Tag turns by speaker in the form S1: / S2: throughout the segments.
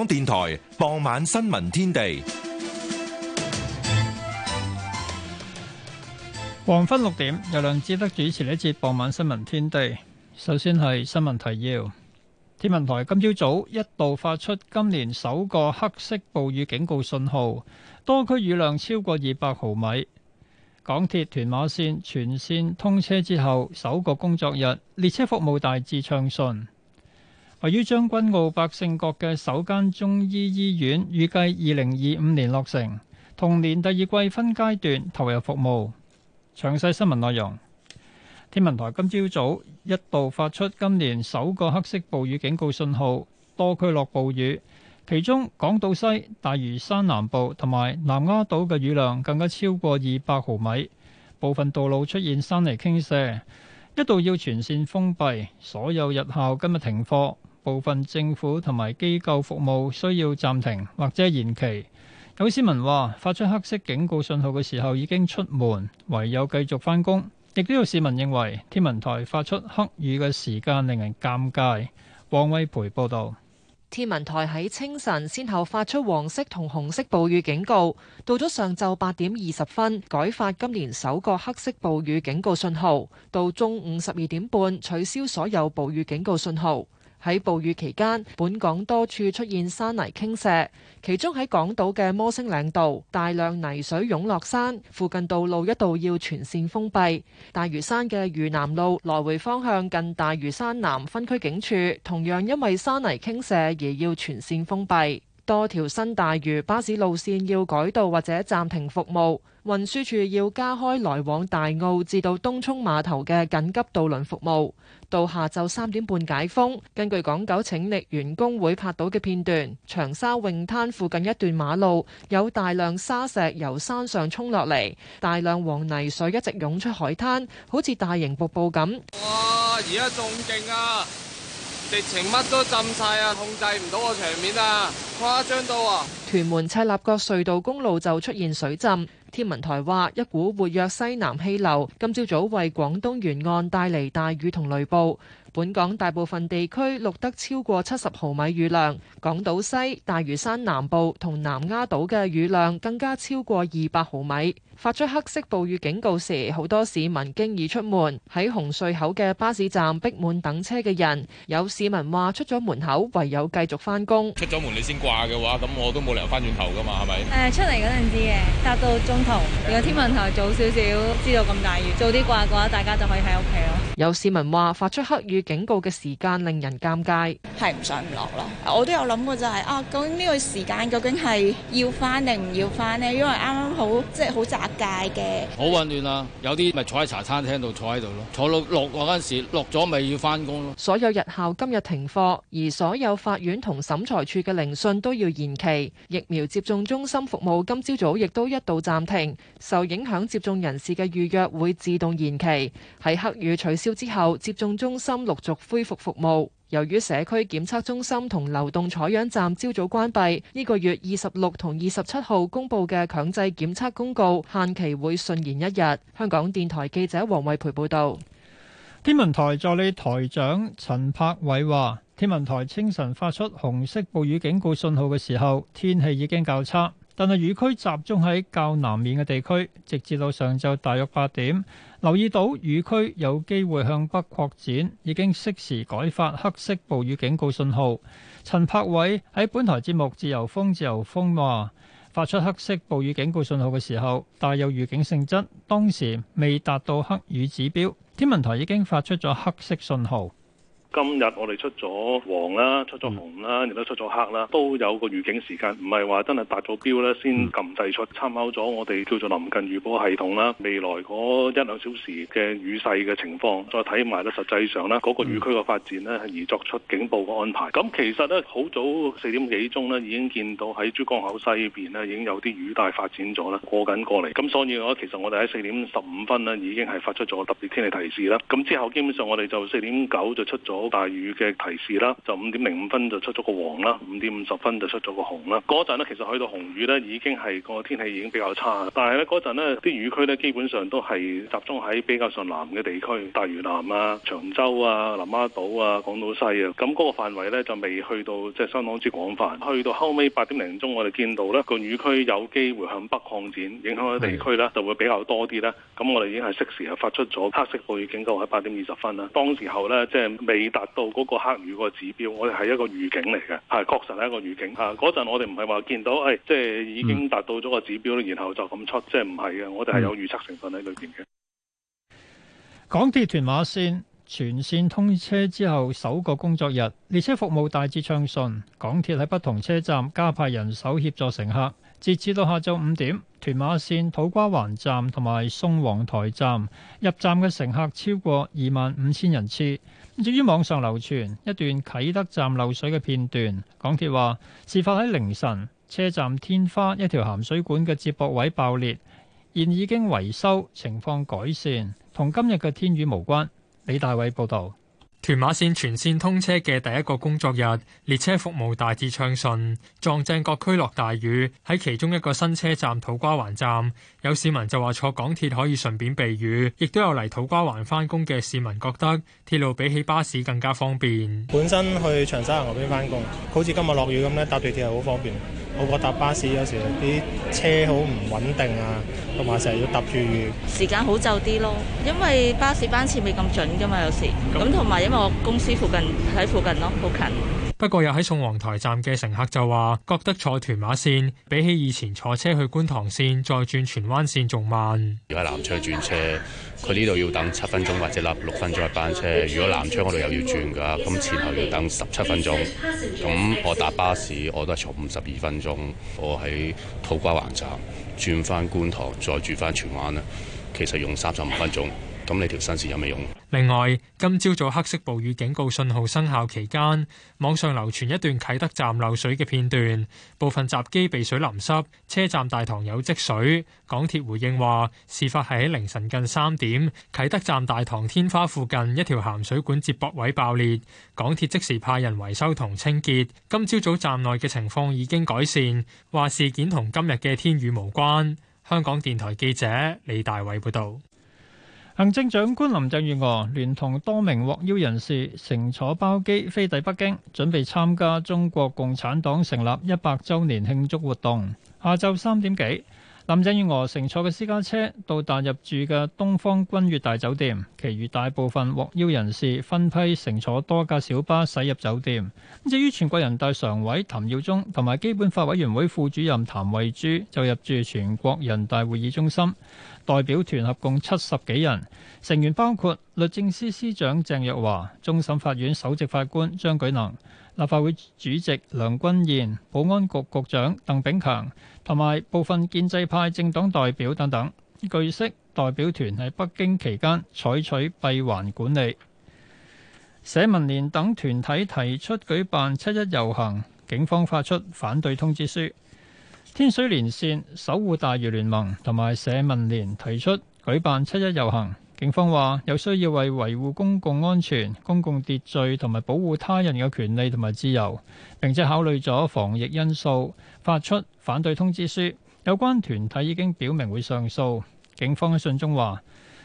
S1: 香港電台傍晚新聞天地，
S2: 黃昏六點由梁思得主持呢一節傍晚新聞天地。首先係新聞提要：天文台今朝早一度發出今年首個黑色暴雨警告信號，多區雨量超過二百毫米。港鐵屯馬線全線通車之後，首個工作日列車服務大致暢順。位於將軍澳百勝角嘅首間中醫醫院，預計二零二五年落成，同年第二季分階段投入服務。詳細新聞內容，天文台今朝早，早一度發出今年首個黑色暴雨警告信號，多區落暴雨，其中港島西、大嶼山南部同埋南丫島嘅雨量更加超過二百毫米，部分道路出現山泥傾瀉，一度要全線封閉，所有日校今日停課。部分政府同埋機構服務需要暫停或者延期。有市民話，發出黑色警告信號嘅時候已經出門，唯有繼續翻工。亦都有市民認為天文台發出黑雨嘅時間令人尷尬。王威培報道，
S3: 天文台喺清晨先後發出黃色同紅色暴雨警告，到咗上晝八點二十分改發今年首個黑色暴雨警告信號，到中午十二點半取消所有暴雨警告信號。喺暴雨期間，本港多處出現山泥傾瀉，其中喺港島嘅摩星嶺道，大量泥水湧落山，附近道路一度要全線封閉。大嶼山嘅嶼南路來回方向近大嶼山南分區警署，同樣因為山泥傾瀉而要全線封閉。多條新大嶼巴士路線要改道或者暫停服務，運輸處要加開來往大澳至到東涌碼頭嘅緊急渡輪服務，到下晝三點半解封。根據港九拯溺員工會拍到嘅片段，長沙泳灘附近一段馬路有大量沙石由山上沖落嚟，大量黃泥水一直湧出海灘，好似大型瀑布咁。哇！
S4: 而家仲勁啊！直情乜都浸晒啊！控制唔到個場面啊！誇張到啊！
S3: 屯門赤鱲角隧道公路就出現水浸。天文台話，一股活躍西南氣流今朝早為廣東沿岸帶嚟大雨同雷暴。本港大部分地區錄得超過七十毫米雨量，港島西、大嶼山南部同南丫島嘅雨量更加超過二百毫米。發出黑色暴雨警告時，好多市民經已出門，喺紅隧口嘅巴士站逼滿等車嘅人。有市民話出咗門口，唯有繼續翻工。呃。
S1: 出咗門你先掛嘅話，咁我都冇
S3: 理由翻轉頭噶嘛，係咪？
S5: 誒，出嚟嗰陣時嘅，搭到中途，如果天文台早少少知道咁大雨，早啲掛嘅話，大家就可以喺屋企咯。
S3: 有市民話發出黑雨警告嘅時間令人尷尬，
S5: 係唔上唔落咯。我都有諗過就係、是、啊，究竟呢個時間究竟係要翻定唔要翻呢？因為啱啱好即係好街嘅
S6: 好混亂啊，有啲咪坐喺茶餐廳度坐喺度咯，坐到落嗰陣時落咗咪要返工咯。所有
S3: 日校今日停課，而所有法院同審裁處嘅聆訊都要延期。疫苗接種中心服務今朝早亦都一度暫停，受影響接種人士嘅預約會自動延期。喺黑雨取消之後，接種中心陸續恢復服務。由於社區檢測中心同流動採樣站朝早關閉，呢、這個月二十六同二十七號公佈嘅強制檢測公告限期會順延一日。香港電台記者黃慧培報道。
S2: 天文台助理台長陳柏偉話：天文台清晨發出紅色暴雨警告信號嘅時候，天氣已經較差。但係雨區集中喺較南面嘅地區，直至到上晝大約八點。留意到雨區有機會向北擴展，已經適時改發黑色暴雨警告信號。陳柏偉喺本台節目《自由風》自由風話：發出黑色暴雨警告信號嘅時候，帶有預警性質，當時未達到黑雨指標。天文台已經發出咗黑色信號。
S7: 今日我哋出咗黃啦，出咗紅啦，亦都出咗黑啦，都有個預警時間，唔係話真係達咗標咧先撳掣出，參考咗我哋叫做臨近預報系統啦，未來嗰一兩小時嘅雨勢嘅情況，再睇埋咧實際上咧嗰個雨區嘅發展咧，而作出警報嘅安排。咁其實咧好早四點幾鐘咧已經見到喺珠江口西邊咧已經有啲雨帶發展咗咧過緊過嚟，咁所以我其實我哋喺四點十五分咧已經係發出咗特別天氣提示啦。咁之後基本上我哋就四點九就出咗。好大雨嘅提示啦，就五點零五分就出咗個黃啦，五點五十分就出咗個紅啦。嗰陣呢，其實去到紅雨呢，已經係個天氣已經比較差。但係呢，嗰陣呢，啲雨區呢，基本上都係集中喺比較上南嘅地區，大嶼南啊、長洲啊、南丫島啊、港島西啊。咁嗰個範圍呢，就未去到即係相當之廣泛。去到後尾八點零鐘，我哋見到呢個雨區有機會向北擴展，影響嘅地區呢，就會比較多啲啦。咁我哋已經係適時係發出咗黑色暴雨警告喺八點二十分啦。當時候呢，即係未，達到嗰個黑雨個指標，我哋係一個預警嚟嘅，係確實係一個預警吓。啊，嗰陣我哋唔係話見到，誒，即係已經達到咗個指標，然後就咁出，即係唔係嘅。我哋係有預測成分喺裏邊嘅。嗯。
S2: 港鐵屯馬線全線通車之後，首個工作日列車服務大致暢順。港鐵喺不同車站加派人手協助乘客。截止到下晝五點，屯馬線土瓜灣站同埋宋皇台站入站嘅乘客超過二萬五千人次。至於網上流傳一段啟德站漏水嘅片段，港鐵話事發喺凌晨，車站天花一條鹹水管嘅接駁位爆裂，現已經維修，情況
S1: 改善，同今日嘅天雨無關。李大偉報道。屯馬線全線通車嘅第一個工作日，列車服務大致暢順。撞正各區落大雨，喺其中一個新車站土瓜灣站，有市民就話坐港鐵可以順便避雨，亦都有嚟土瓜灣返工嘅市民覺得鐵路比起巴士更加方便。本身去長沙灣嗰邊返工，好似今日落雨咁樣，搭地鐵係好方便。我覺得搭巴士有時啲車好唔穩定啊，同埋成日要搭住月。
S8: 時間
S5: 好就啲咯，因為巴士班次未咁準㗎嘛，有時。咁同埋因為我公司附近
S8: 喺附近咯，好近。
S1: 不過又喺宋皇台站嘅乘客就話，覺得坐屯馬線比起以前坐車去觀塘線再轉荃灣線仲慢。而家南
S9: 昌轉車。佢呢度要等七分鐘或者立六分鐘嘅班車。如果南昌嗰度又要轉㗎，咁前後要等十七分鐘。
S8: 咁我搭巴
S9: 士，我都係坐五十二分鐘。我喺土瓜灣站轉返觀塘，再轉返荃灣咧，其實用三十五分鐘。咁你條新線有咩用？
S1: 另外，今朝早，早黑色暴雨警告信號生效期間，網上流傳一段啟德站漏水嘅片段，部分閘機被水淋濕，車站大堂有積水。港鐵回應話，事發喺凌晨近三點，啟德站大堂天花附近一條咸水管接駁位爆裂，港鐵即時派人維修同清潔，今朝早，早站內嘅情況已經改善，話事件同今日嘅天雨無關，香港電台記者李大偉報道。
S2: 行政長官林鄭月娥聯同多名獲邀人士，乘坐包機飛抵北京，準備參加中國共產黨成立一百周年慶祝活動。下晝三點幾。林鄭月娥乘坐嘅私家車到達入住嘅東方君悦大酒店，其餘大部分獲邀人士分批乘坐多架小巴駛入酒店。至於全國人大常委譚耀宗同埋基本法委員會副主任譚惠珠就入住全國人大會議中心，代表團合共七十幾人，成員包括律政司司長鄭若驊、終審法院首席法官張舉能。立法會主席梁君彥、保安局局長鄧炳強同埋部分建制派政黨代表等等，據悉，代表團喺北京期間採取閉環管理。社民連等團體提出舉辦七一遊行，警方發出反對通知書。天水連線、守護大嶼聯盟同埋社民連提出舉辦七一遊行。警方話有需要為維護公共安全、公共秩序同埋保護他人嘅權利同埋自由，並且考慮咗防疫因素，發出反對通知書。有關團體已經表明會上訴。警方喺信中話：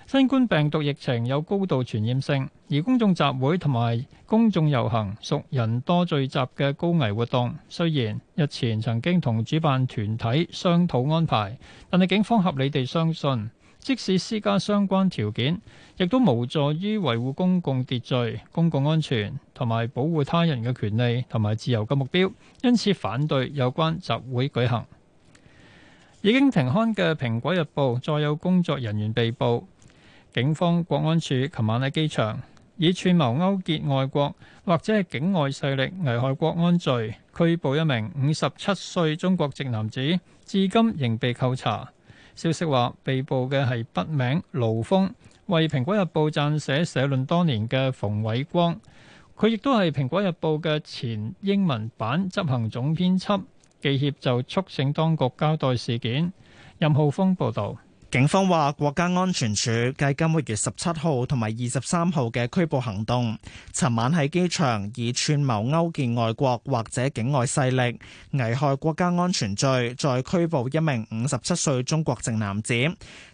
S2: 新冠病毒疫情有高度傳染性，而公眾集會同埋公眾遊行屬人多聚集嘅高危活動。雖然日前曾經同主辦團體商討安排，但係警方合理地相信。即使施加相關條件，亦都無助於維護公共秩序、公共安全同埋保護他人嘅權利同埋自由嘅目標，因此反對有關集會舉行。已經停刊嘅《蘋果日報》再有工作人員被捕，警方國安處琴晚喺機場以串謀勾結外國或者係境外勢力危害國安罪拘捕一名五十七歲中國籍男子，至今仍被扣查。消息話，被捕嘅係筆名盧峯，為《蘋果日報》撰寫社論多年嘅馮偉光，佢亦都係《蘋果日報》嘅前英文版執行總編輯。記協就促
S10: 請當局交代事件。任浩峰報導。警方話，國家安全處繼今個月十七號同埋二十三號嘅拘捕行動，尋晚喺機場以串謀勾結外國或者境外勢力危害國家安全罪，再拘捕一名五十七歲中國籍男子。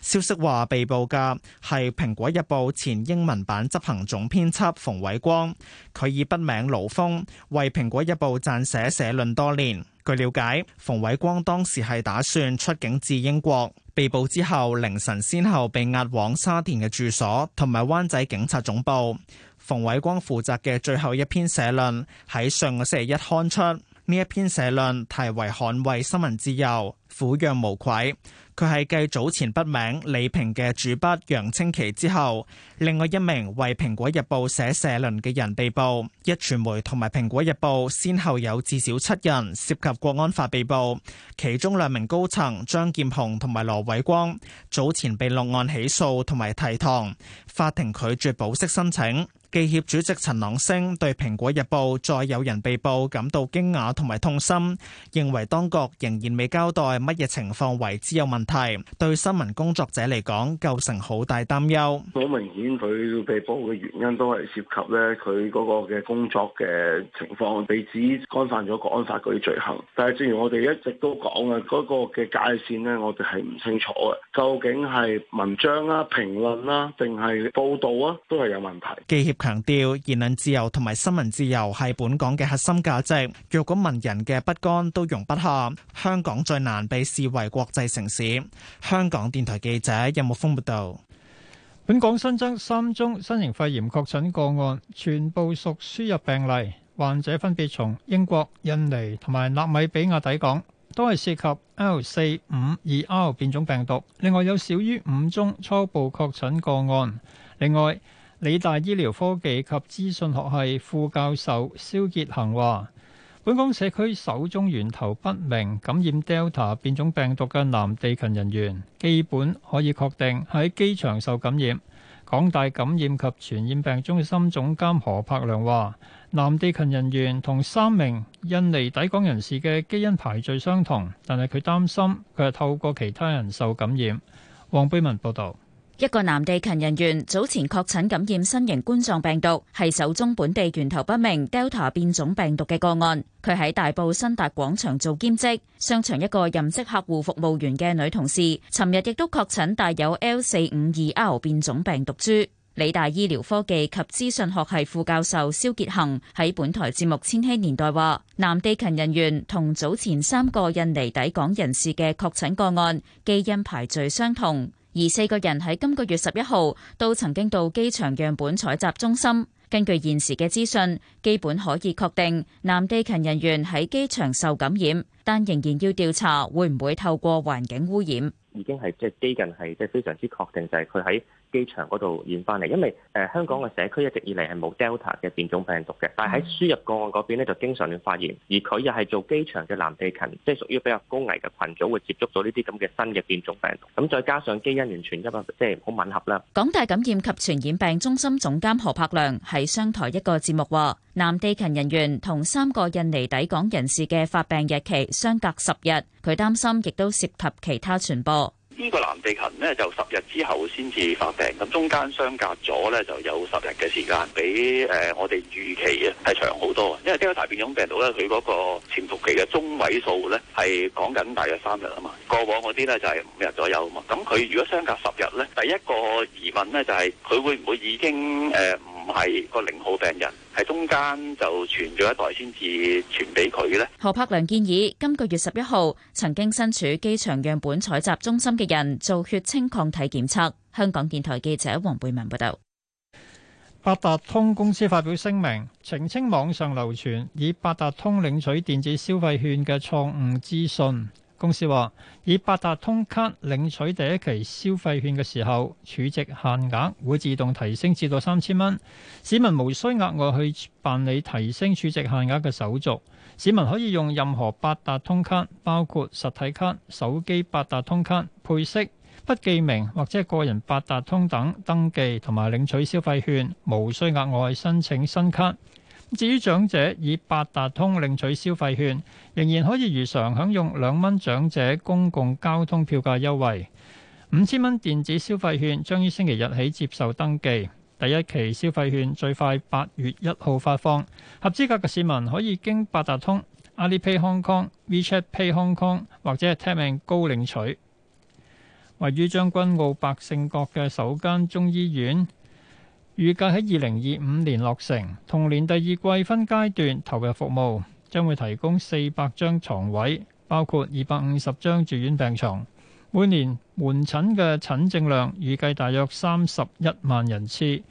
S10: 消息話，被捕嘅係《蘋果日報》前英文版執行總編輯馮偉光，佢以筆名盧鋒為《蘋果日報》撰寫社論多年。據了解，馮偉光當時係打算出境至英國，被捕之後凌晨先後被押往沙田嘅住所同埋灣仔警察總部。馮偉光負責嘅最後一篇社論喺上個星期一刊出，呢一篇社論題為捍衛新聞自由，俯仰無愧。佢係繼早前筆名李平嘅主筆楊清奇之後，另外一名為《蘋果日報》寫社論嘅人被捕。壹傳媒同埋《蘋果日報》先後有至少七人涉及國安法被捕，其中兩名高層張劍虹同埋羅偉光早前被落案起訴同埋提堂。法庭拒絕保釋申請，記協主席陳朗升對蘋果日報再有人被捕感到驚訝同埋痛心，認為當局仍然未交代乜嘢情況為之有問題，對新聞工作者嚟講構成好大
S7: 擔憂，好明顯佢被捕嘅原因都係涉及咧佢嗰個嘅工作嘅情況，被指干犯咗《國安法》嗰啲罪行。但係正如我哋一直都講嘅，嗰個嘅界線咧，我哋係唔清楚嘅，究竟係文章啦、評論啦，定係。報道啊，都係有問題。
S10: 記協強調，言論自由同埋新聞自由係本港嘅核心價值。若果文人嘅不干都容不下，香港最難被視為國際城市。香港電台記者任木峰報道，本港新增三宗新型肺炎確診個案，全部屬輸入
S2: 病例，患者分別從英國、印尼同埋納米比亞抵港。都係涉及 L 四五二 R 變種病毒，另外有少於五宗初步確診個案。另外，理大醫療科技及資訊學系副教授蕭傑恒話，本港社區首宗源頭不明感染 Delta 變種病毒嘅男地勤人員，基本可以確定喺機場受感染。港大感染及傳染病中心總監何柏良話：南地勤人員同三名印尼抵港人士嘅基因排序相同，但係佢擔心佢係透過其他人受感染。黃貝文報導。
S8: 一個男地勤人員早前確診感染新型冠狀病毒，係首宗本地源頭不明 Delta 變種病毒嘅個案。佢喺大埔新達廣場做兼職，商場一個任職客戶服務員嘅女同事，尋日亦都確診帶有 L 四五二 R 變種病毒株。理大醫療科技及資訊學系副教授蕭傑恆喺本台節目《千禧年代》話，男地勤人員同早前三個印尼抵港人士嘅確診個案基因排序相同。而四個人喺今個月十一號都曾經到機場樣本採集中心。根據現時嘅資訊，基本可以確定南地勤人員喺機場受感染，但仍然要調查會唔會透過環境污染。
S6: 已經係即係接近係即係非常之確定，就係佢喺機場嗰度染翻嚟，因為誒香港嘅社區一直以嚟係冇 Delta 嘅變種病毒嘅，但係喺輸入個案嗰邊呢就經常會發現，而佢又係做機場嘅男地勤，即係屬於比較高危嘅群組，會接觸到呢啲咁嘅新嘅變種病毒。咁再加上基因完全一百即係好吻合啦。
S8: 港大感染及傳染病中心總監何柏良喺商台一個節目話：男地勤人員同三個印尼抵港人士嘅發病日期相隔十日，佢擔心亦都涉及其他傳播。
S1: 呢個男地勤呢，就十日之後先至發
S11: 病，咁中間相隔咗呢，就有十日嘅時間，比誒、呃、我哋預期啊係
S7: 長好多。因為呢個 Delta 變種病毒呢，佢嗰個潛伏期嘅中位數呢，係講緊大約三日啊嘛，過往嗰啲呢，就係、是、五日左右啊嘛。咁佢如果相隔十日呢，第一個
S11: 疑問呢，就係、是、佢會唔會已經誒？呃唔係個零號病人，喺中間
S7: 就傳咗一代先至傳俾佢嘅咧。
S8: 何柏良建議今個月十一號曾經身處機場樣本採集中心嘅人做血清抗體檢測，香港電台記者黃貝文報道。八達通公司發表聲明，澄清
S2: 網上流傳以八達通領取電子消費券嘅錯誤資訊。公司話以八達通卡領取第一期消費券嘅時候，儲值限額會自動提升至到三千蚊，市民無需額外去辦理提升儲值限額嘅手續，市民可以用任何八達通卡，包括實體卡、手機八達通卡、配飾不記名或者個人八達通等登記同埋領取消費券，無需額外申請新卡。至於長者以八達通領取消費券，仍然可以如常享用兩蚊長者公共交通票價優惠。五千蚊電子消費券將於星期日起接受登記，第一期消費券最快八月一號發放。合資格嘅市民可以經八達通、Alipay Hong Kong、WeChat Pay Hong Kong 或者係 Tap & Go 領取。位於將軍澳百勝角嘅首間中醫院。預計喺二零二五年落成，同年第二季分階段投入服務，將會提供四百張床位，包括二百五十張住院病床。每年門診嘅診症量預計大約三十一萬人次。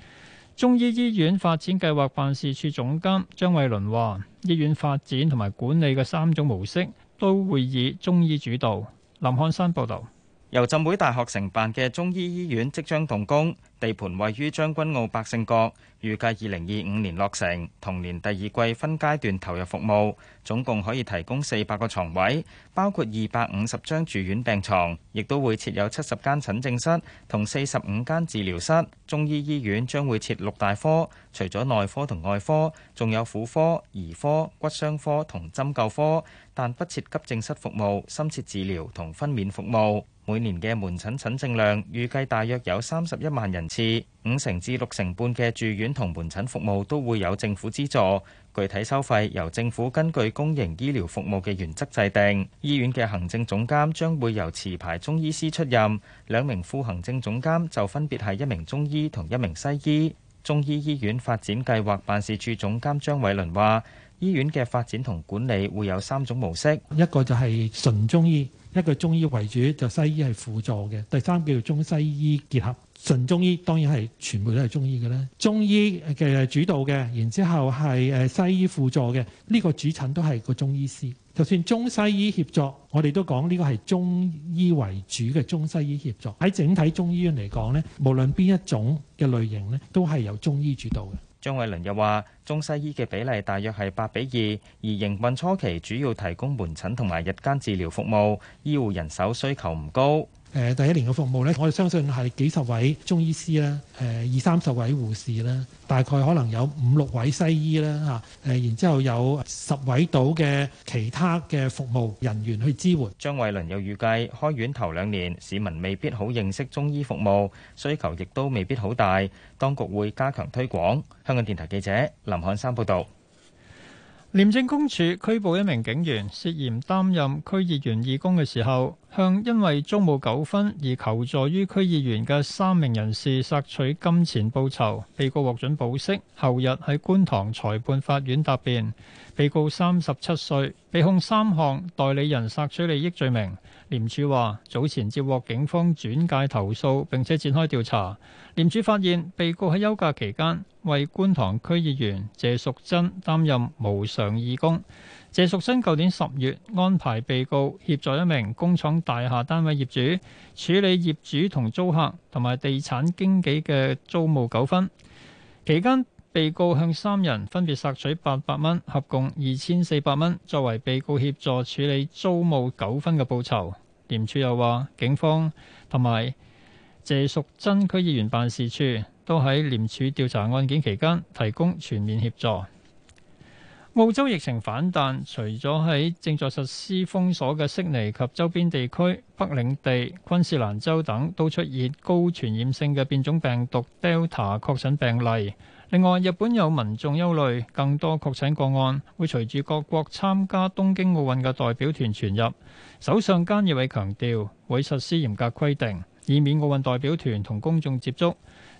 S2: 中醫醫院發展計劃辦事處總監張慧倫話，醫院發展同埋管理嘅三種模式都會以中醫主導。林漢山報導。
S6: 由浸會大學承辦嘅中醫醫院即將動工，地盤位於將軍澳百勝角，預計二零二五年落成，同年第二季分階段投入服務，總共可以提供四百個床位，包括二百五十張住院病床，亦都會設有七十間診症室同四十五間治療室。中醫醫院將會設六大科，除咗內科同外科，仲有婦科、兒科、骨傷科同針灸科，但不設急症室服務，深切治療同分娩服務。每年嘅門診診症量預計大約有三十一萬人次，五成至六成半嘅住院同門診服務都會有政府資助，具體收費由政府根據公營醫療服務嘅原則制定。醫院嘅行政總監將會由持牌中醫師出任，兩名副行政總監就分別係一名中醫同一名西醫，中醫醫院發展計劃辦事處總監張偉倫話。醫院嘅發展同管理會有三種模式，
S1: 一個就係純中醫，一個中醫為主就西醫係輔助嘅，第三叫做中西醫結合。純中醫當然係全部都係中醫嘅啦，中醫嘅主導嘅，然之後係誒西醫輔助嘅，呢個主診都係個中醫師。就算中西醫協助，我哋都講呢個係中醫為主嘅中西醫協助。喺整體中醫院嚟講呢，無論邊一種嘅類型呢，都係由中醫主導嘅。
S6: 張偉倫又話：中西醫嘅比例大約係八比二，而營運初期主要提供門診同埋日間治療服務，醫護人手需求唔高。
S1: 誒第一年嘅服務呢，我哋相信係幾十位中醫師啦，誒二三十位護士啦，大概可能有五六位西醫啦嚇，
S6: 誒然之後有十位到嘅其他嘅服務人員去支援。張偉倫又預計開院頭兩年，市民未必好認識中醫服務，需求亦都未必好大，當局會加強推廣。香港電台記者林漢山報道。
S2: 廉政公署拘捕一名警員，涉嫌擔任區議員義工嘅時候，向因為租務糾紛而求助於區議員嘅三名人士索取金錢報酬。被告獲准保釋，後日喺觀塘裁判法院答辯。被告三十七歲，被控三項代理人索取利益罪名。廉署話，早前接獲警方轉介投訴，並且展開調查。廉署發現，被告喺休假期間為觀塘區議員謝淑珍擔任無償義工。謝淑珍舊年十月安排被告協助一名工廠大廈單位業主處理業主同租客同埋地產經紀嘅租務糾紛期間，被告向三人分別索取八百蚊，合共二千四百蚊，作為被告協助處理租務糾紛嘅報酬。廉署又話，警方同埋謝淑珍區議員辦事處都喺廉署調查案件期間提供全面協助。澳洲疫情反彈，除咗喺正在實施封鎖嘅悉尼及周邊地區、北領地、昆士蘭州等都出現高傳染性嘅變種病毒 Delta 確診病例。另外，日本有民眾憂慮，更多確診個案會隨住各國參加東京奧運嘅代表團傳入。首相菅義偉強調，會實施嚴格規定，以免奧運代表團同公眾接觸。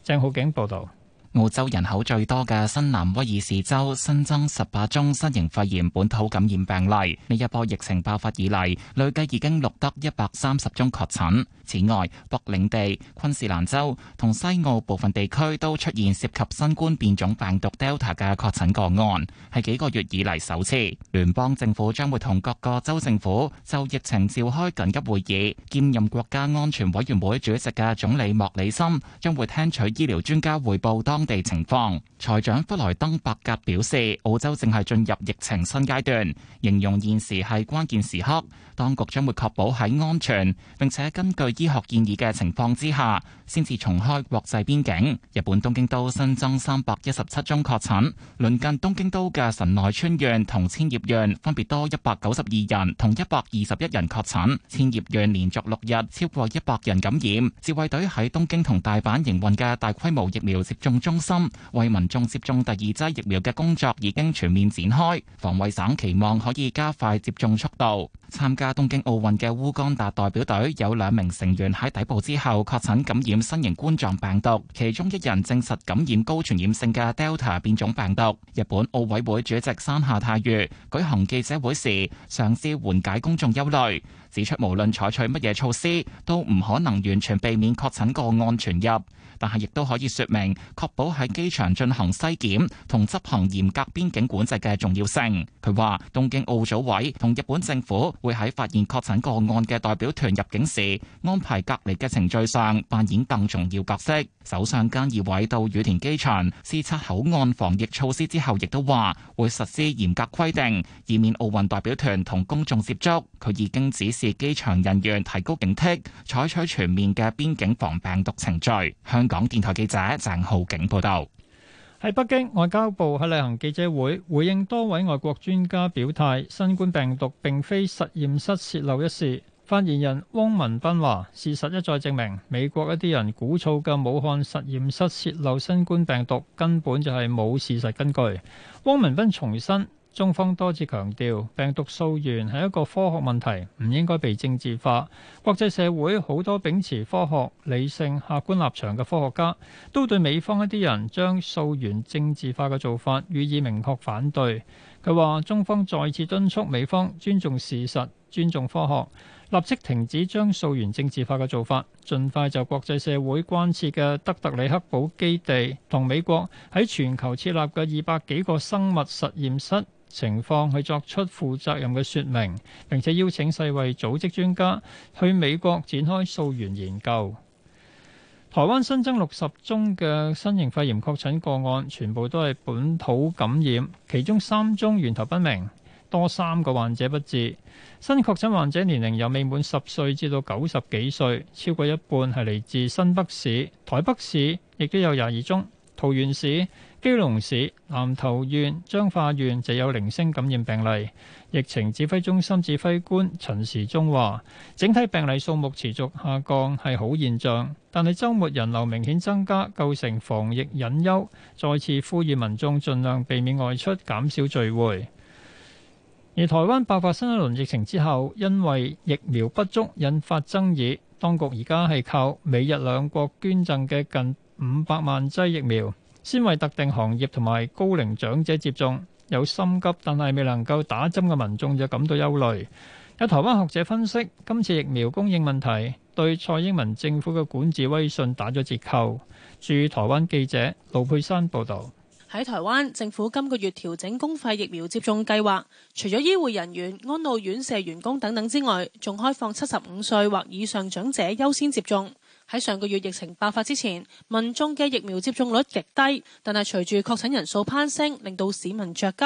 S11: 鄭浩景報導。澳洲人口最多嘅新南威爾士州新增十八宗新型肺炎本土感染病例，呢一波疫情爆發以嚟，累計已經錄得一百三十宗確診。此外，北領地、昆士蘭州同西澳部分地區都出現涉及新冠變種病毒 Delta 嘅確診個案，係幾個月以嚟首次。聯邦政府將會同各個州政府就疫情召開緊急會議，兼任國家安全委員會主席嘅總理莫里森將會聽取醫療專家匯報當當地情況，財長弗萊登伯格表示，澳洲正係進入疫情新階段，形容現時係關鍵時刻，當局將會確保喺安全，並且根據醫學建議嘅情況之下，先至重開國際邊境。日本東京都新增三百一十七宗確診，鄰近東京都嘅神奈川縣同千葉縣分別多一百九十二人同一百二十一人確診，千葉縣連續六日超過一百人感染。自衛隊喺東京同大阪營運嘅大規模疫苗接種中。中心為民眾接種第二劑疫苗嘅工作已經全面展開。防衛省期望可以加快接種速度。參加東京奧運嘅烏干達代表隊有兩名成員喺抵埗之後確診感染新型冠狀病毒，其中一人證實感染高傳染性嘅 Delta 變種病毒。日本奧委會主席山下泰裕舉行記者會時，嘗試緩解公眾憂慮。指出，無論採取乜嘢措施，都唔可能完全避免確診個案傳入，但係亦都可以說明確保喺機場進行篩檢同執行嚴格邊境管制嘅重要性。佢話東京奧組委同日本政府會喺發現確診個案嘅代表團入境時安排隔離嘅程序上扮演更重要角色。首相菅義偉到羽田機場視察口岸防疫措施之後亦都話會實施嚴格規定，以免奧運代表團同公眾接觸，佢已經指。是機場人員提高警惕，採取全面嘅邊境防病毒程序。香港電台記者鄭浩景報道。
S2: 喺北京，外交部喺例行記者會回應多位外國專家表態，新冠病毒並非實驗室泄漏一事。發言人汪文斌話：事實一再證明，美國一啲人鼓噪嘅武漢實驗室泄漏新冠病毒，根本就係冇事實根據。汪文斌重申。中方多次強調病毒溯源係一個科學問題，唔應該被政治化。國際社會好多秉持科學、理性、客觀立場嘅科學家，都對美方一啲人將溯源政治化嘅做法予以明確反對，佢話中方再次敦促美方尊重事實、尊重科學，立即停止將溯源政治化嘅做法，盡快就國際社會關切嘅德特里克堡基地同美國喺全球設立嘅二百幾個生物實驗室。情況去作出負責任嘅說明，並且邀請世衛組織專家去美國展開溯源研究。台灣新增六十宗嘅新型肺炎確診個案，全部都係本土感染，其中三宗源頭不明，多三個患者不治。新確診患者年齡由未滿十歲至到九十幾歲，超過一半係嚟自新北市、台北市，亦都有廿二宗桃園市。基隆市、南投縣、彰化縣就有零星感染病例。疫情指揮中心指揮官陳時中話：整體病例數目持續下降係好現象，但係周末人流明顯增加，構成防疫隱憂。再次呼籲民眾盡量避免外出，減少聚會。而台灣爆發新一輪疫情之後，因為疫苗不足引發爭議，當局而家係靠美日兩國捐贈嘅近五百萬劑疫苗。先為特定行業同埋高齡長者接種，有心急但係未能夠打針嘅民眾就感到憂慮。有台灣學者分析，今次疫苗供應問題對蔡英文政府嘅管治威信打咗折扣。駐台灣記者盧佩珊報導。
S12: 喺台灣政府今個月調整公費疫苗接種計劃，除咗醫護人員、安老院舍員工等等之外，仲開放七十五歲或以上長者優先接種。喺上個月疫情爆發之前，民眾嘅疫苗接種率極低，但係隨住確診人數攀升，令到市民着急。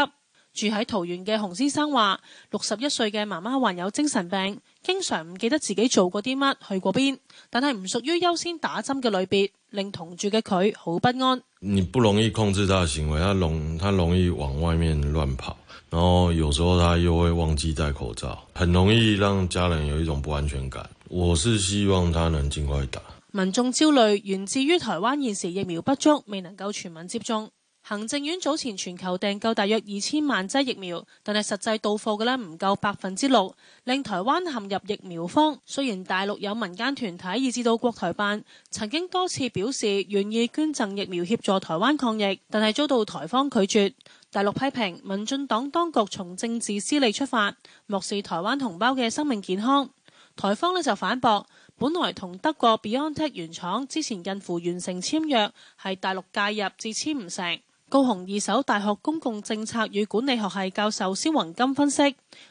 S12: 住喺桃園嘅洪先生話：六十一歲嘅媽媽患有精神病，經常唔記得自己做過啲乜，去過邊，但係唔屬於優先打針嘅類別，令同住嘅佢好不安。
S13: 你不容易控制他嘅行為，他容他容易往外面亂跑，然後有時候他又會忘記戴口罩，很容易讓家人有一種不安全感。我是希望他能盡快打。
S12: 民眾焦慮源自於台灣現時疫苗不足，未能夠全民接種。行政院早前全球訂購大約二千萬劑疫苗，但係實際到貨嘅呢，唔夠百分之六，令台灣陷入疫苗荒。雖然大陸有民間團體以至到國台辦曾經多次表示願意捐贈疫苗協助台灣抗疫，但係遭到台方拒絕。大陸批評民進黨當局從政治私利出發，漠視台灣同胞嘅生命健康。台方呢就反駁。本來同德國 Biontech 原廠之前近乎完成簽約，係大陸介入至簽唔成。高雄二手大學公共政策與管理學系教授蕭宏金分析，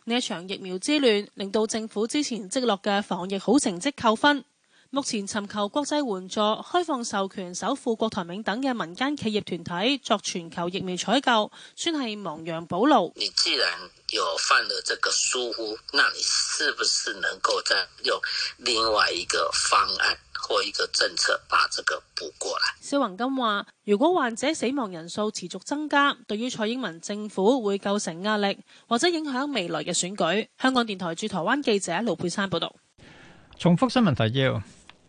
S12: 呢一場疫苗之亂令到政府之前積落嘅防疫好成績扣分。目前尋求國際援助、開放授權、首富郭台銘等嘅民間企業團體作全球疫苗採購，算係亡羊補牢。你既然有犯了這個疏忽，那你是不是能夠再用另外一個方案或一個政策，把這個補過來？蕭宏金話：如果患者死亡人數持續增加，對於蔡英文政府會構成壓力，或者影響未來嘅選舉。香港電台駐台灣記者盧佩珊報導。
S2: 重複新聞提要。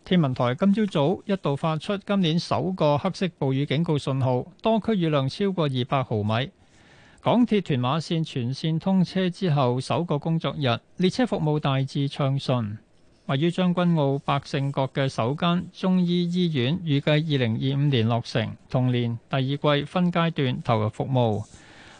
S2: 天文台今朝早一度發出今年首個黑色暴雨警告信號，多區雨量超過二百毫米。港鐵屯馬線全線通車之後首個工作日，列車服務大致暢順。位於將軍澳百勝角嘅首間中醫醫院，預計二零二五年落成，同年第二季分階段投入服務。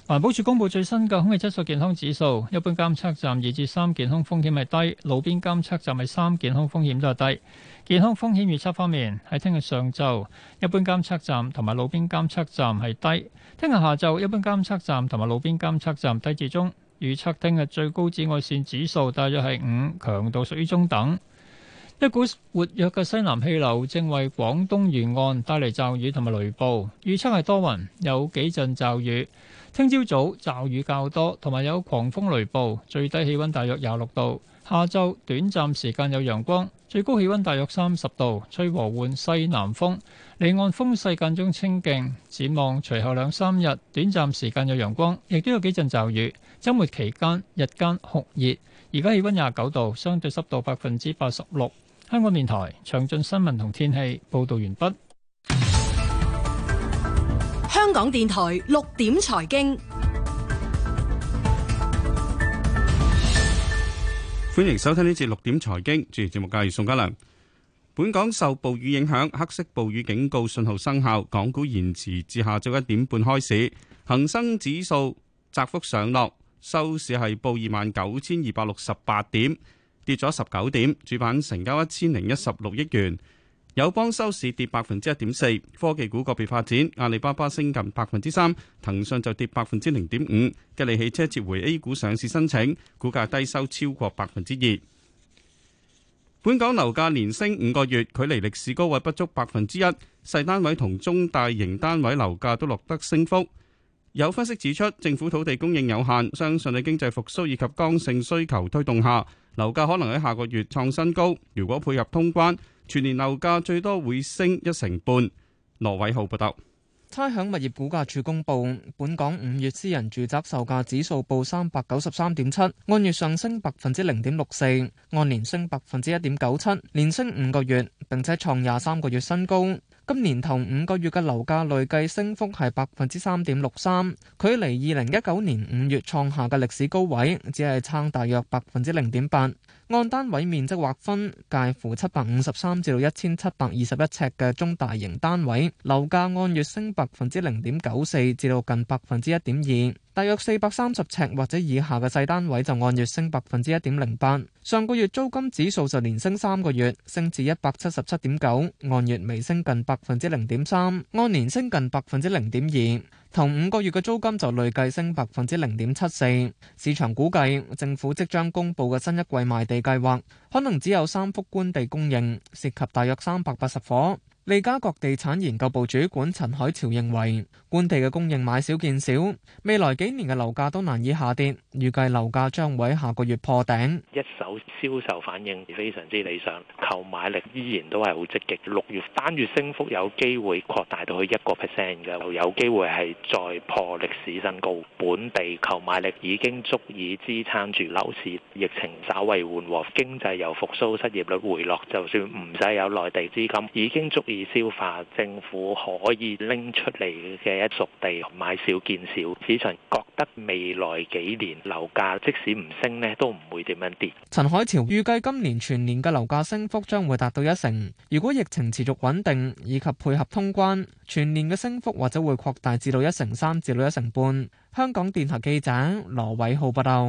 S2: 環保署公布最新嘅空氣質素健康指數，一般監測站二至三健康風險係低，路邊監測站係三健康風險都係低。健康風險預測方面，喺聽日上晝，一般監測站同埋路邊監測站係低；聽日下晝，一般監測站同埋路邊監測站低至中。預測聽日最高紫外線指數大約係五，強度屬於中等。一股活躍嘅西南氣流正為廣東沿岸帶嚟驟雨同埋雷暴，預測係多雲，有幾陣驟雨。聽朝早驟雨較多，同埋有狂風雷暴，最低氣温大約廿六度。下晝短暫時間有陽光，最高氣温大約三十度，吹和緩西南風。離岸風勢間中清勁。展望隨後兩三日短暫時間有陽光，亦都有幾陣驟雨。周末期間日間酷熱，而家氣温廿九度，相對濕度百分之八十六。香港電台詳盡新聞同天氣報道完畢。
S14: 香港電台六點財經，
S9: 歡迎收聽呢節六點財經，主持節目嘅係宋嘉良。本港受暴雨影響，黑色暴雨警告信號生效，港股延遲至下晝一點半開始。恒生指數窄幅上落，收市係報二萬九千二百六十八點。跌咗十九點，主板成交一千零一十六億元。友邦收市跌百分之一點四，科技股個別發展，阿里巴巴升近百分之三，騰訊就跌百分之零點五。吉利汽車撤回 A 股上市申請，股價低收超過百分之二。本港樓價連升五個月，距離歷史高位不足百分之一。細單位同中大型單位樓價都落得升幅。有分析指出，政府土地供應有限，相信喺經濟復蘇以及剛性需求推動下，樓價可能喺下個月創新高，如果配合通關，全年樓價最多會升一成半。羅偉浩報道。
S13: 差餉物業估價署公佈，本港五月私人住宅售價指數報三百九十三點七，按月上升百分之零點六四，按年升百分之一點九七，連升五個月，並且創廿三個月新高。今年頭五個月嘅樓價累計升幅係百分之三點六三，距離二零一九年五月創下嘅歷史高位，只係差大約百分之零點八。按單位面積劃分，介乎七百五十三至到一千七百二十一尺嘅中大型單位，樓價按月升百分之零點九四至到近百分之一點二。大約四百三十尺或者以下嘅細單位就按月升百分之一點零八，上個月租金指數就連升三個月，升至一百七十七點九，按月微升近百分之零點三，按年升近百分之零點二，同五個月嘅租金就累計升百分之零點七四。市場估計政府即將公佈嘅新一季賣地計劃，可能只有三幅官地供應，涉及大約三百八十伙。利嘉閣地產研究部主管陳海潮認為。本地嘅供應買少見少，未來幾年嘅樓價都難以下跌。預計樓價將會喺下個月破頂。
S1: 一手銷售反應非常之理想，購買力依然都係好積極。六月單月升幅有機會擴大到去一個 percent 嘅，有機會係再破歷史新高。本地購買力已經足以支撐住樓市，疫情稍為緩和，經濟又復甦，失業率回落，就算唔使有內地資金，已經足以消化政府可以拎出嚟嘅。熟地買少見少，市場覺得未來幾年樓價即使唔升咧，都唔會點樣跌。
S13: 陳海潮預計今年全年嘅樓價升幅將會達到一成。如果疫情持續穩定以及配合通關，全年嘅升幅或者會擴大至到一成三至到一成半。香港電台記者羅偉浩報道。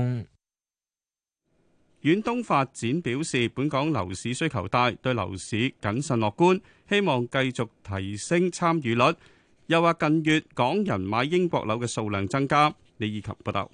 S9: 遠東發展表示，本港樓市需求大，對樓市謹慎樂觀，希望繼續提升參與率。又話近月港人買英國樓嘅數量增加。李以琴報道，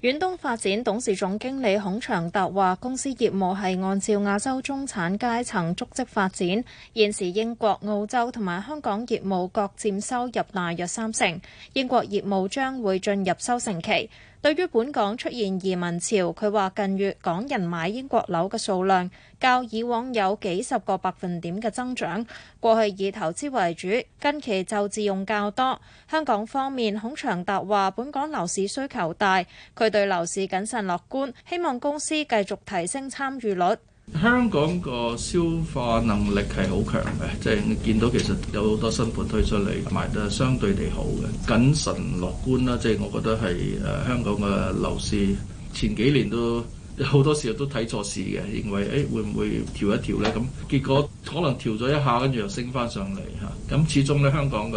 S5: 遠東發展董事總經理孔祥達話：公司業務係按照亞洲中產階層足跡發展。現時英國、澳洲同埋香港業務各佔收入大約三成。英國業務將會進入收成期。對於本港出現移民潮，佢話近月港人買英國樓嘅數量較以往有幾十個百分點嘅增長。過去以投資為主，近期就自用較多。香港方面，孔祥達話本港樓市需求大，佢對樓市謹慎樂觀，希望公司繼續提升參與率。
S7: 香港個消化能力係好強嘅，即係你見到其實有好多新盤推出嚟，賣得相對地好嘅。謹慎樂觀啦，即係我覺得係誒香港嘅樓市前幾年都好多時候都睇錯市嘅，認為誒會唔會調一調呢？咁結果可能調咗一下，跟住又升翻上嚟吓。咁始終咧，香港嘅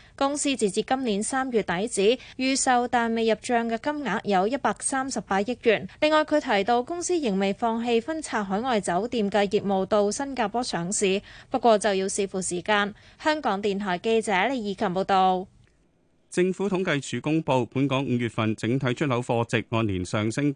S5: 公司截至今年三月底止，預售但未入賬嘅金額有一百三十八億元。另外，佢提到公司仍未放棄分拆海外酒店嘅業務到新加坡上市，不過就要視乎時間。香港電台記者李以琴報道。
S9: 政府統計處公佈，本港五月份整體出口貨值按年上升。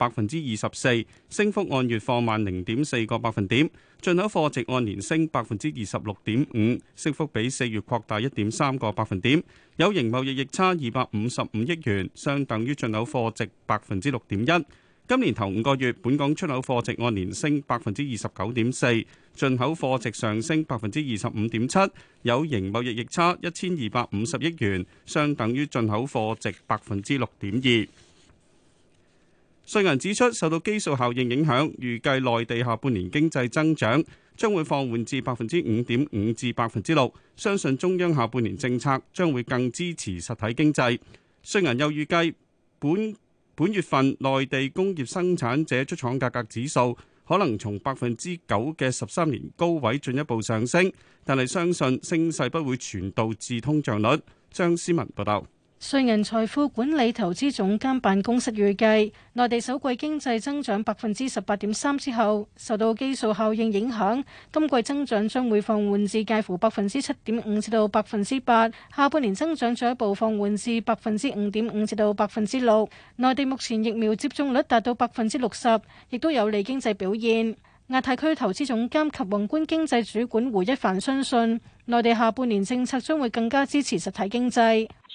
S9: 百分之二十四，升幅按月放慢零點四個百分點。進口貨值按年升百分之二十六點五，升幅比四月擴大一點三個百分點。有形貿易逆差二百五十五億元，相等於進口貨值百分之六點一。今年頭五個月，本港出口貨值按年升百分之二十九點四，進口貨值上升百分之二十五點七，有形貿易逆差一千二百五十億元，相等於進口貨值百分之六點二。瑞銀指出，受到基數效應影響，預計內地下半年經濟增長將會放緩至百分之五點五至百分之六。相信中央下半年政策將會更支持實體經濟。瑞銀又預計本本月份內地工業生產者出廠價格，格指數可能從百分之九嘅十三年高位進一步上升，但係相信升勢不會傳導至通脹率。張思文報道。
S14: 瑞銀財富管理投資總監辦公室預計，內地首季經濟增長百分之十八點三之後，受到基數效應影響，今季增長將會放緩至介乎百分之七點五至到百分之八。下半年增長進一步放緩至百分之五點五至到百分之六。內地目前疫苗接種率達到百分之六十，亦都有利經濟表現。亞太區投資總監及宏觀經濟主管胡一帆相信，信，內地下半年政策將會更加支持實體經濟。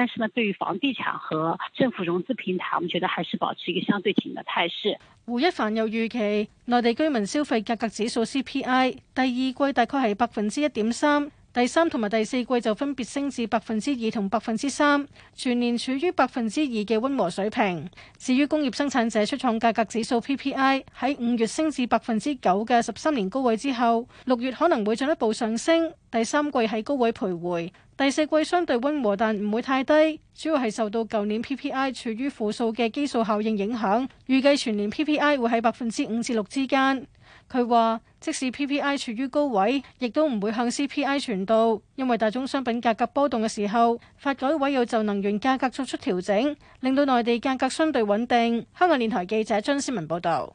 S14: 但是呢，對於房地產和政府融資平台，我們覺得還是保持一個相對緊的態勢。胡一帆有預期內地居民消費價格指數 CPI 第二季大概係百分之一點三。第三同埋第四季就分別升至百分之二同百分之三，全年處於百分之二嘅溫和水平。至於工業生產者出廠價格指數 PPI 喺五月升至百分之九嘅十三年高位之後，六月可能會進一步上升。第三季喺高位徘徊，第四季相對溫和但唔會太低，主要係受到舊年 PPI 處於負數嘅基數效應影響。預計全年 PPI 會喺百分之五至六之間。佢話，即使 PPI 處於高位，亦都唔會向 CPI 傳導，因為大宗商品價格波動嘅時候，發改委有就能源價格作出調整，令到內地價格相對穩定。香港電台記者張思文報道。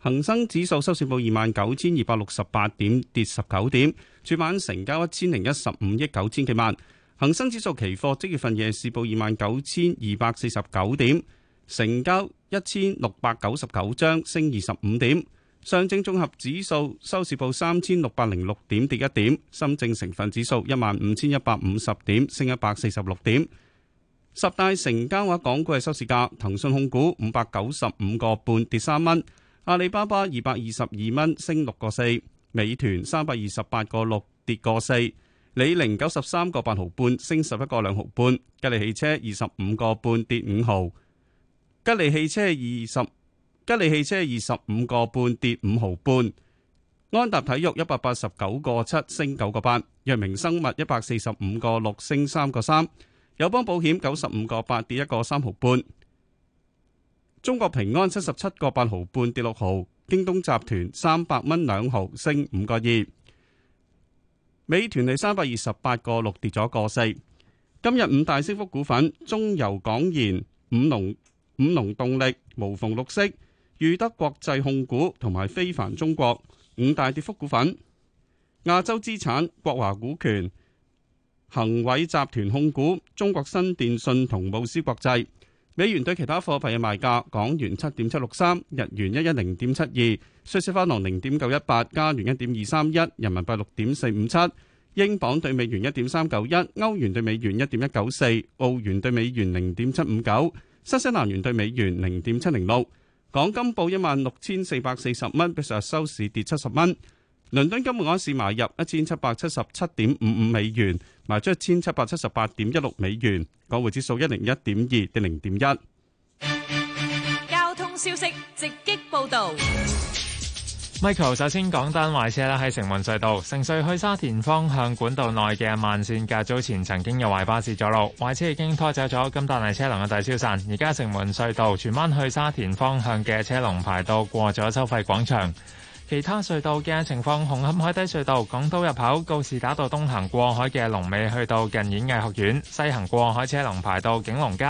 S9: 恒生指數收市報二萬九千二百六十八點，跌十九點，主板成交一千零一十五億九千幾萬。恒生指數期貨即月份夜市報二萬九千二百四十九點，成交一千六百九十九張，升二十五點。上證綜合指數收市報三千六百零六點，跌一點；深證成分指數一萬五千一百五十點，升一百四十六點。十大成交額港股嘅收市價：騰訊控股五百九十五個半跌三蚊，阿里巴巴二百二十二蚊升六個四，美團三百二十八個六跌個四，李寧九十三個八毫半升十一個兩毫半，吉利汽車二十五個半跌五毫，吉利汽車二十。吉利汽車二十五個半跌五毫半，安踏體育一百八十九個七升九個八，藥明生物一百四十五個六升三個三，友邦保險九十五個八跌一個三毫半，中國平安七十七個八毫半跌六毫，京東集團三百蚊兩毫升五個二，美團係三百二十八個六跌咗個四。今日五大升幅股份：中油、港燃、五龍、五龍動力、無縫綠色。裕德國際控股同埋非凡中國。五大跌幅股份，亞洲資產、國華股權、恒偉集團控股、中國新電信同慕斯國際。美元兌其他貨幣嘅賣價：港元七點七六三，日元一一零點七二，瑞士法郎零點九一八，加元一點二三一，人民幣六點四五七，英鎊兌美元一點三九一，歐元兌美元一點一九四，澳元兌美元零點七五九，新西蘭元兌美元零點七零六。港金報一萬六千四百四十蚊，比上日收市跌七十蚊。倫敦金門市買入一千七百七十七點五五美元，賣出一千七百七十八點一六美元。港匯指數一零一點二跌零點一。
S12: 交通消息直擊報道。
S4: Michael 首先講單壞車啦，喺城門隧道，城隧去沙田方向管道內嘅慢線較早前曾經有壞巴士阻路，壞車已經拖走咗，金但係車龍嘅大消散。而家城門隧道荃灣去沙田方向嘅車龍排到過咗收費廣場。其他隧道嘅情況，紅磡海底隧道、港島入口、告士打道東行過海嘅龍尾去到近演藝學院，西行過海車龍排到景隆街。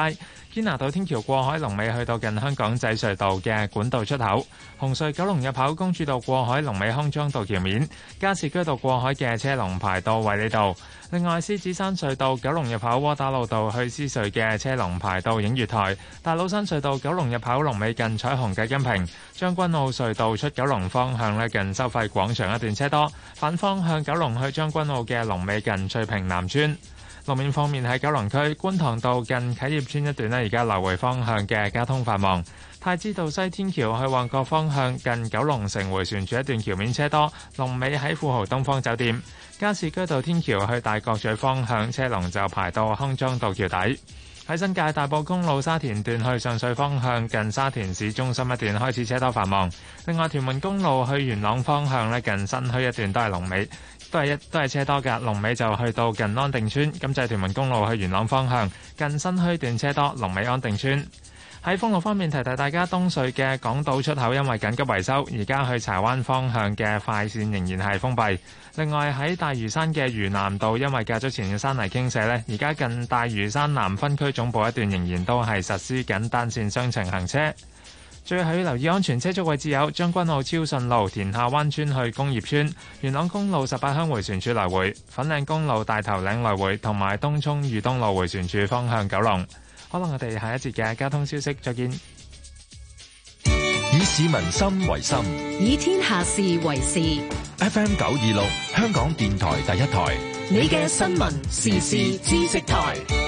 S4: 堅拿道天橋過海，龍尾去到近香港仔隧道嘅管道出口；紅隧九龍入口，公主道過海，龍尾康莊道橋面；加士居道過海嘅車龍排到衛理道。另外，獅子山隧道九龍入口窩打老道去獅隧嘅車龍排到影月台；大老山隧道九龍入口龍尾近彩虹嘅音屏。將軍澳隧道出九龍方向呢，近收費廣場一段車多；反方向九龍去將軍澳嘅龍尾近翠屏南村。路面方面喺九龍區觀塘道近啟業村一段咧，而家來回方向嘅交通繁忙。太子道西天橋去旺角方向近九龍城回旋處一段橋面車多，龍尾喺富豪東方酒店。加士居道天橋去大角咀方向，車龍就排到康莊道橋底。喺新界大埔公路沙田段去上水方向近沙田市中心一段開始車多繁忙。另外，屯門公路去元朗方向咧，近新墟一段都係龍尾。都係一都係車多噶，龍尾就去到近安定村。咁就係屯門公路去元朗方向近新墟段車多，龍尾安定村。喺封路方面提提大家，東隧嘅港島出口因為緊急維修，而家去柴灣方向嘅快線仍然係封閉。另外喺大嶼山嘅嶼南道，因為隔咗前嘅山泥傾瀉咧，而家近大嶼山南分區總部一段仍然都係實施緊單線雙程行車。最後要留意安全車速位置有將軍澳超順路、田下灣村去工業村、元朗公路十八鄉回旋處來回、粉嶺公路大頭嶺來回同埋東涌裕東路回旋處方向九龍。可能我哋下一節嘅交通消息再見。以市民心為心，
S10: 以天下事為事。
S1: FM 九二六，香港電台第一台，
S10: 你嘅新聞時事知識台。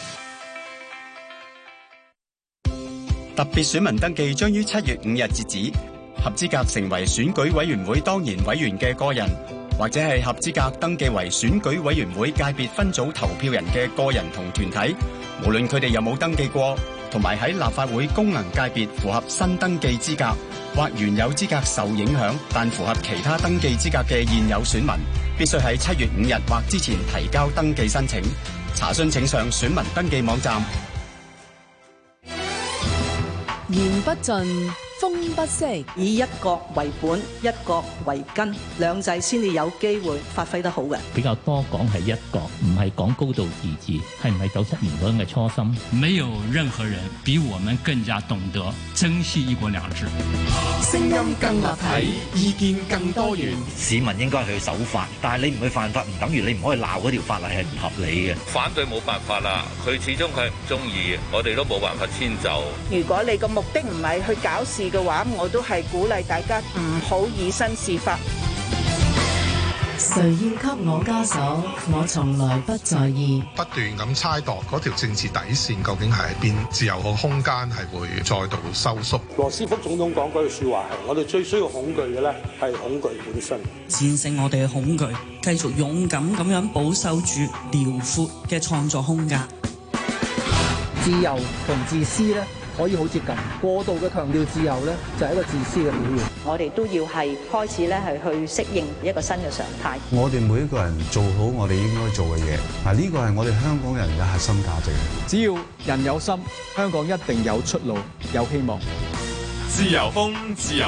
S1: 特別選民登記將於七月五日截止，合資格成為選舉委員會當然委員嘅個人，或者係合資格登記為選舉委員會界別分組投票人嘅個人同團體，無論佢哋有冇登記過，同埋喺立法會功能界別符合新登記資格，或原有資格受影響，但符合其他登記資格嘅現有選民，必須喺七月五日或之前提交登記申請。查詢請上選民登記網站。
S14: 言不盡。風不息，
S3: 以一國為本，一國為根，兩制先至有機會發揮得好
S11: 嘅。比較多講係一國，唔係講高度自治，係唔係九七年嘅初心？
S1: 沒有任何人比我們更加懂得珍惜一國兩制。
S11: 聲音更立體，意見更多元。市民應該去守法，但係你唔去犯法，唔等於你唔可以鬧嗰條法例係唔合理
S9: 嘅。反對冇辦法啦，佢始終佢唔中意，我哋都冇辦法遷就。
S3: 如果你個目的唔係去搞事嘅話，我都係鼓勵大家唔好以身試法。
S14: 誰要給我加手，我從來不在意。不
S1: 斷咁猜度嗰條政治底線究竟係喺邊，自由嘅空間係會再度收縮。羅斯福總統講嗰句説話係：「我哋最需要恐懼嘅咧，係恐懼本身。」
S12: 戰勝我哋嘅恐懼，繼續勇敢咁樣保守住遼闊嘅創作空間。
S11: 自由同自私咧。可以好接近。過度嘅強調自由咧，就係、是、一個自私嘅
S9: 表現，
S5: 我哋都要係開始咧，係去適應一個新嘅常態，
S9: 我哋每一個人做好我哋應該做嘅嘢，嗱呢個係我哋香港人嘅核心價值。只要
S7: 人有心，香港一定有出路，有希望。自由風自由 Phone。